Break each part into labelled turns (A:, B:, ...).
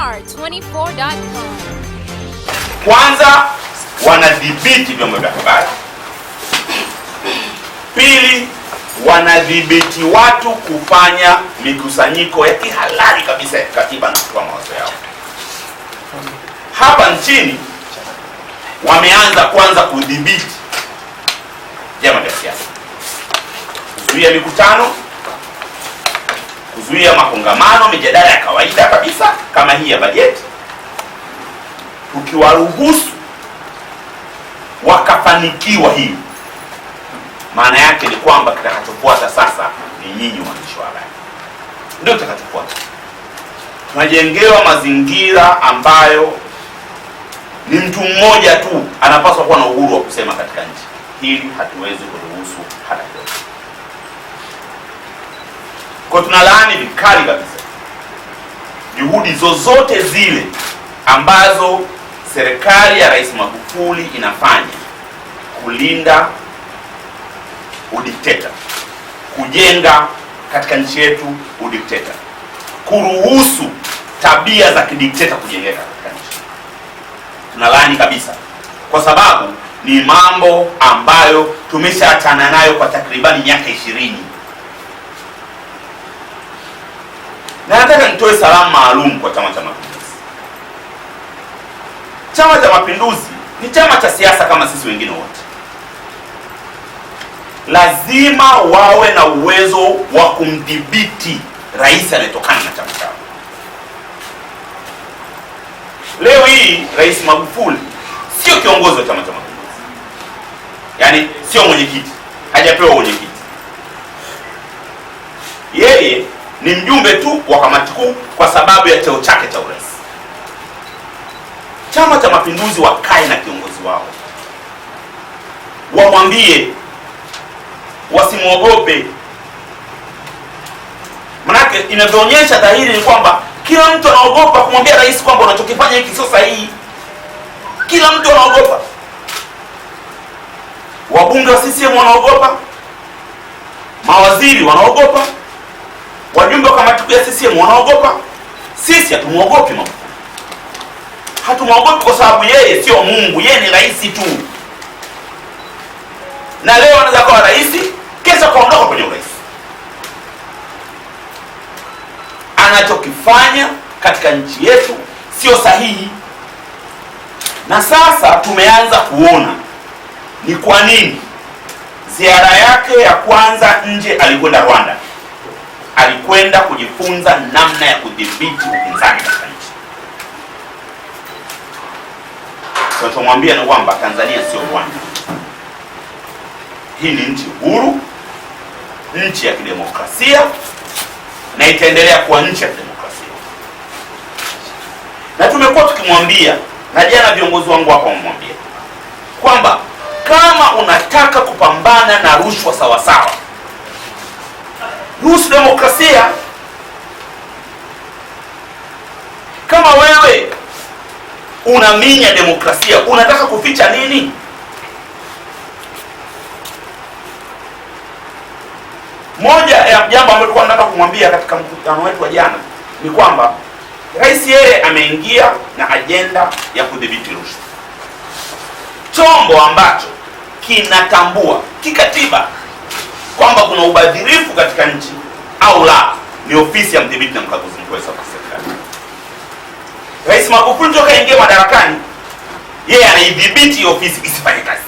A: 24com Kwanza wanadhibiti vyombo vya habari, pili wanadhibiti watu kufanya mikusanyiko ya kihalali kabisa ya katiba na kutoa mawazo yao. Hapa nchini wameanza kwanza kudhibiti vyama vya siasa, kuzuia mikutano kuzuia makongamano, mijadala ya kawaida kabisa kama hii ya bajeti, tukiwaruhusu wakafanikiwa hii, maana yake ni kwamba kitakachofuata sasa ni nyinyi waandishi wa habari, ndio kitakachofuata. Tunajengewa mazingira ambayo ni mtu mmoja tu anapaswa kuwa na uhuru wa kusema katika nchi. Hili hatuwezi Kwa tunalaani vikali kabisa juhudi zozote zile ambazo serikali ya Rais Magufuli inafanya kulinda udikteta, kujenga katika nchi yetu udikteta, kuruhusu tabia za kidikteta kujengeka katika nchi. Tunalaani kabisa, kwa sababu ni mambo ambayo tumeshaachana nayo kwa takribani miaka ishirini. na nataka nitoe salamu maalum kwa Chama cha Mapinduzi. Chama cha Mapinduzi ni chama cha siasa kama sisi wengine wote, lazima wawe na uwezo wa kumdhibiti rais anayetokana na chama chao. Leo hii Rais Magufuli sio kiongozi wa Chama cha Mapinduzi, yaani sio mwenyekiti, hajapewa mwenyekiti yeye ni mjumbe tu wa kamati kuu kwa sababu ya cheo chake cha urais. Chama cha Mapinduzi wakae na kiongozi wao, wamwambie wasimwogope, manake inavyoonyesha dhahiri ni kwamba kila mtu anaogopa kumwambia rais kwamba unachokifanya hiki sio sahihi. Kila mtu anaogopa, wabunge wa CCM wanaogopa, mawaziri wanaogopa Wajumbe wa kamati kuu ya CCM wanaogopa. Sisi hatumwogopi mama, hatumwogopi kwa sababu yeye sio Mungu, yeye ni rais tu, na leo anaweza kuwa rais, kesho kaondoka kwenye urahisi Anachokifanya katika nchi yetu sio sahihi, na sasa tumeanza kuona ni kwa nini ziara yake ya kwanza nje alikwenda Rwanda alikwenda kujifunza namna ya kudhibiti upinzani katika nchi. Tunachomwambia ni kwamba Tanzania sio Rwanda. Hii ni nchi huru, nchi ya kidemokrasia na itaendelea kuwa nchi ya kidemokrasia. Na tumekuwa tukimwambia, na jana viongozi wangu wako wamemwambia kwamba kama unataka kupambana na rushwa sawasawa kuhusu demokrasia. Kama wewe unaminya demokrasia, unataka kuficha nini? Moja ya jambo ambalo tulikuwa nataka kumwambia katika mkutano wetu wa jana ni kwamba rais yeye ameingia na ajenda ya kudhibiti rushwa, chombo ambacho kinatambua kikatiba kwamba kuna ubadhirifu katika nchi au la, ni ofisi ya mdhibiti na mkaguzi mkuu wa serikali. Rais Magufuli toka ingia madarakani, yeye anaidhibiti ofisi isifanye kazi.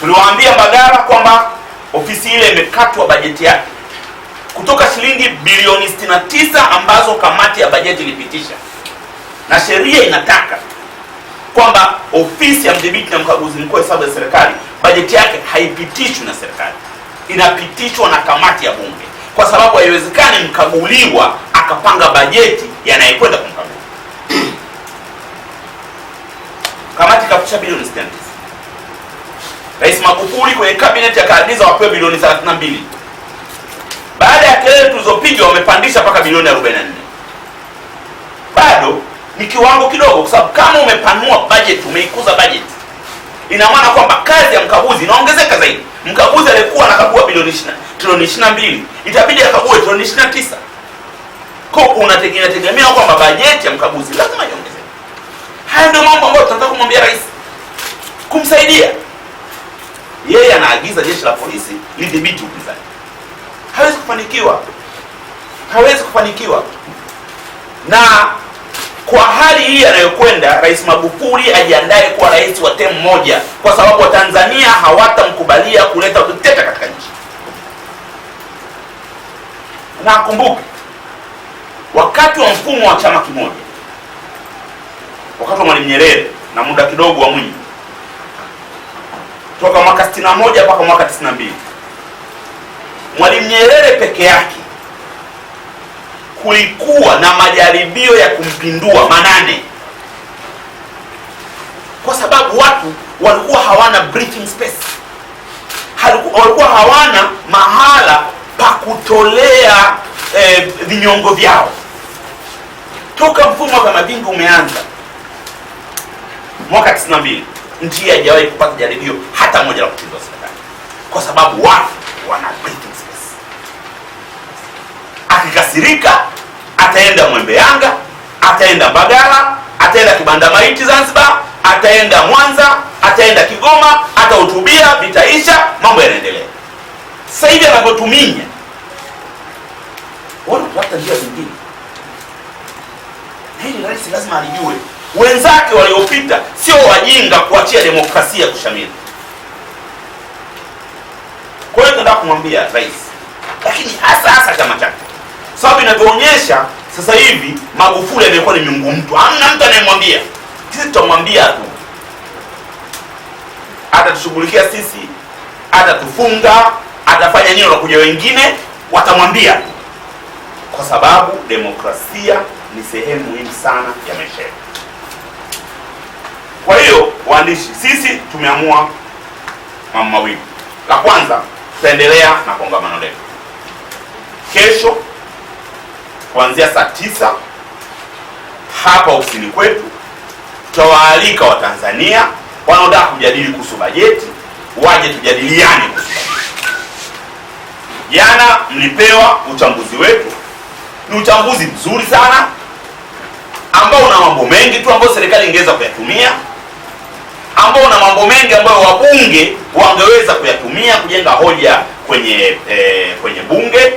A: Tuliwaambia Mbagara kwamba ofisi ile imekatwa bajeti yake kutoka shilingi bilioni 69 ambazo kamati ya bajeti ilipitisha na sheria inataka kwamba ofisi ya mdhibiti na mkaguzi mkuu wa hesabu za serikali bajeti yake haipitishwi na serikali, inapitishwa na kamati ya Bunge, kwa sababu haiwezekani mkaguliwa akapanga bajeti yanayekwenda kumkagua. Kamati kapitisha bilioni 69. Rais Magufuli kwenye kabineti akaagiza wapewe bilioni 32. Baada ya kelele tulizopiga wamepandisha mpaka bilioni 44. Bado ni kiwango kidogo, kwa sababu kama umepanua budget, umeikuza budget, ina maana kwamba kazi ya mkaguzi inaongezeka zaidi. Mkaguzi alikuwa anakagua bilioni trilioni 22 itabidi akague trilioni 29. Kwa unategemea tegemea kwamba bajeti ya mkaguzi lazima iongezeke. Haya ndio mambo ambayo tunataka kumwambia rais, kumsaidia yeye. Anaagiza jeshi la polisi lidhibiti upinzani, hawezi kufanikiwa, hawezi kufanikiwa na kwa hali hii anayokwenda Rais Magufuli ajiandae kuwa rais wa temu moja, kwa sababu Watanzania hawatamkubalia kuleta udikteta katika nchi. Na akumbuke wakati wa mfumo wa chama kimoja, wakati wa Mwalimu Nyerere na muda kidogo wa Mwinyi, toka mwaka 61 mpaka mwaka 92, Mwalimu Nyerere peke yake kulikuwa na majaribio ya kumpindua manane, kwa sababu watu walikuwa hawana breathing space, walikuwa hawana mahala pa kutolea eh, vinyongo vyao. Toka mfumo wa mabingu umeanza mwaka 92 nchi haijawahi kupata jaribio hata moja la kupindua serikali, kwa sababu watu Kasirika, ataenda Mwembe Yanga, ataenda Mbagala, ataenda Kibanda Maiti Zanzibar, ataenda Mwanza, ataenda Kigoma, atahutubia, vitaisha, mambo yanaendelea. Sasa hivi anavyotuminya, wanatafuta njia zingine. Hili rahisi lazima alijue, wenzake waliopita sio wajinga kuachia demokrasia kushamiri. Kwa hiyo tunataka kumwambia rais, lakini hasa hasa chama chake sababu inavyoonyesha sasa hivi Magufuli amekuwa ni miungu mtu, amna mtu anayemwambia. Sisi tutamwambia tu, atatushughulikia sisi, atatufunga, atafanya nini, wanakuja wengine watamwambia tu, kwa sababu demokrasia ni sehemu muhimu sana ya maisha yetu. Kwa hiyo waandishi, sisi tumeamua mambo mawili. La kwanza, tutaendelea na kongamano letu kesho kuanzia saa tisa hapa ofisini kwetu. Tutawaalika Watanzania wanaotaka kujadili kuhusu bajeti waje tujadiliane. Jana mlipewa uchambuzi wetu, ni uchambuzi mzuri sana ambao una mambo mengi tu ambayo serikali ingeweza kuyatumia, ambao una mambo mengi ambayo wabunge wangeweza kuyatumia kujenga hoja kwenye eh, kwenye bunge.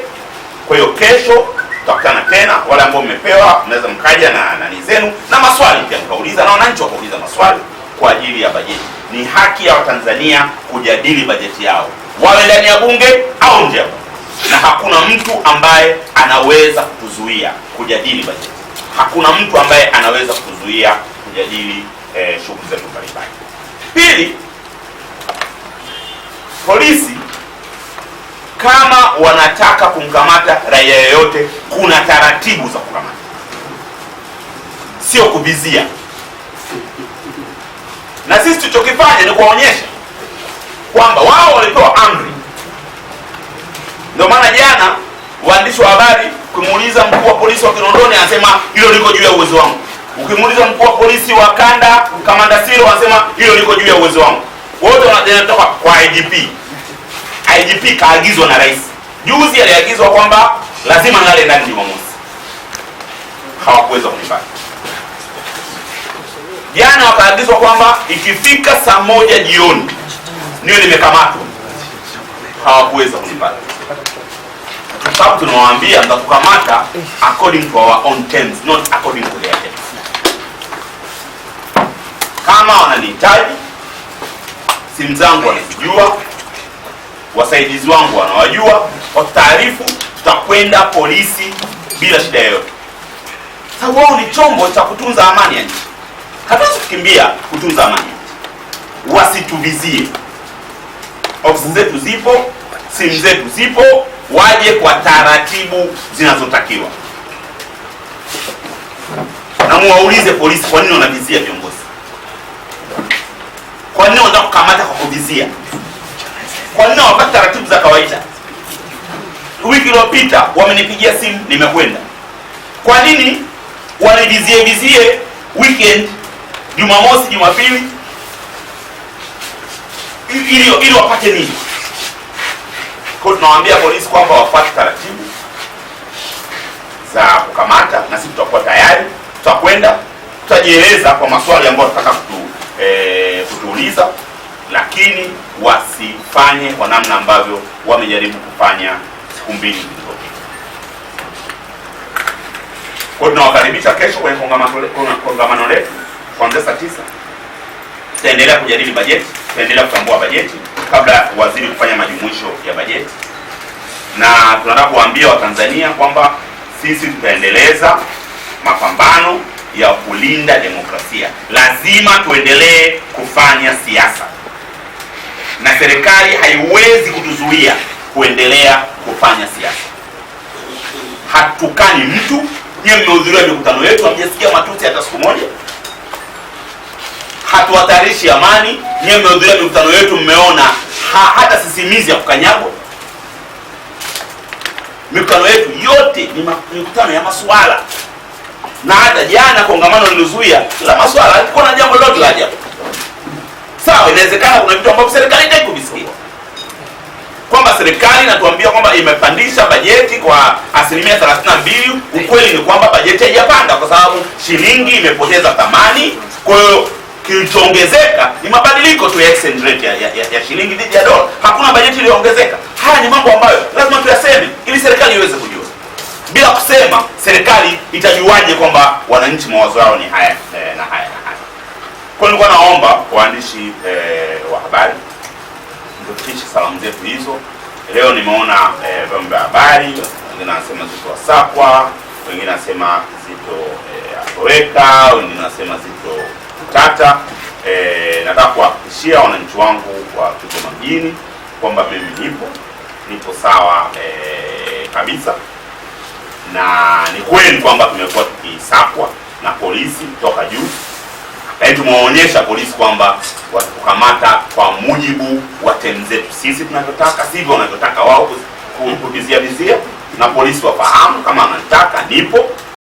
A: Kwa hiyo kesho tutakutana tena. Wale ambao mmepewa, mnaweza mkaja na nani zenu na maswali pia mkauliza, na wananchi wakauliza maswali kwa ajili ya bajeti. Ni haki ya Watanzania kujadili bajeti yao, wawe ndani ya bunge au nje, na hakuna mtu ambaye anaweza kuzuia kujadili bajeti. Hakuna mtu ambaye anaweza kuzuia kujadili eh, shughuli zetu mbalimbali. Pili, polisi kama wanataka kumkamata raia yoyote kuna taratibu za kukamata, sio kubizia. Na sisi tulichokifanya ni kuwaonyesha kwamba wao walipewa amri. Ndio maana jana waandishi wa habari ukimuuliza mkuu wa polisi wa Kinondoni anasema hilo liko juu ya uwezo wangu. Ukimuuliza mkuu wa polisi wa kanda kamanda Siro anasema hilo liko juu ya uwezo wangu. Wote wanatoka kwa IGP. IGP kaagizwa na rais. Juzi aliagizwa kwamba lazima ng'ale ndani Jumamosi, hawakuweza kunifanya Jana wakaagizwa kwamba ikifika saa moja jioni niwe nimekamatwa, hawakuweza kunipata kwa sababu tunawaambia mtakukamata according to our own terms, not according to their terms. Kama wananihitaji simu zangu wanazijua wasaidizi wangu wanawajua, watutaarifu, tutakwenda polisi bila shida yoyote. Sababu wao ni chombo cha kutunza amani ya nchi, hatuwezi kukimbia kutunza amani ya nchi. Wasituvizie, ofisi zetu zipo, simu zetu zipo, waje kwa taratibu zinazotakiwa na muwaulize polisi, kwa nini wanavizia viongozi? Kwa nini wanataka kukamata kwa kuvizia? kwa nini hawapati taratibu za kawaida? Wiki iliyopita wamenipigia simu, nimekwenda. Kwa nini wanivizie vizie weekend Jumamosi, Jumapili ili ili wapate nini? Kwa tunawaambia polisi kwamba wapate taratibu za kukamata, na sisi tutakuwa tayari, tutakwenda, tutajieleza kwa maswali ambayo tunataka kutu, eh, kutuuliza lakini wasifanye kwa namna ambavyo wamejaribu kufanya siku mbili zilizopita. Kwa tunawakaribisha kesho kwenye kongamano letu kuanzia saa tisa. Tutaendelea kujadili bajeti, tutaendelea kutambua bajeti kabla ya waziri kufanya majumuisho ya bajeti, na tunataka kuwaambia Watanzania kwamba sisi tutaendeleza mapambano ya kulinda demokrasia. Lazima tuendelee kufanya siasa na serikali haiwezi kutuzuia kuendelea kufanya siasa. Hatukani mtu. Nyie mmehudhuria mikutano yetu, hamjasikia matusi hata siku moja. Hatuhatarishi amani. Nyie mmehudhuria mikutano yetu, mmeona ha, hata sisimizi ya kukanyagwa. Mikutano yetu yote ni mikutano ya masuala, na hata jana kongamano lilizuia la masuala, alikuwa na jambo lolote la ajabu sawa, inawezekana kuna vitu ambavyo serikali haitaki kuvisikia, kwamba serikali inatuambia kwamba imepandisha bajeti kwa asilimia 32. Ukweli ni kwamba bajeti haijapanda kwa sababu shilingi imepoteza thamani, kwa hiyo kilichoongezeka ni mabadiliko tu ya exchange rate ya, ya, ya shilingi dhidi ya dola. Hakuna bajeti iliyoongezeka. Haya ni mambo ambayo lazima tuyaseme ili serikali iweze kujua. Bila kusema serikali itajuaje kwamba wananchi mawazo yao ni haya? Kwa nilikuwa naomba waandishi eh, wa habari mtufikishe salamu zetu hizo. Leo nimeona eh, vyombo vya habari wengine wanasema zito wasakwa, wengine wanasema zito eh, atoweka, wengine wanasema zito tata Eh, nataka kuwahakikishia wananchi wangu wa Kigoma mjini kwamba mimi nipo nipo sawa eh, kabisa na ni kweli kwamba tumekuwa tukisakwa na polisi kutoka juu Yaani tumewaonyesha polisi kwamba watukamata kwa mujibu wa temu zetu sisi tunavyotaka, sivyo wanavyotaka wao kuvizia vizia, na polisi wafahamu kama anataka nipo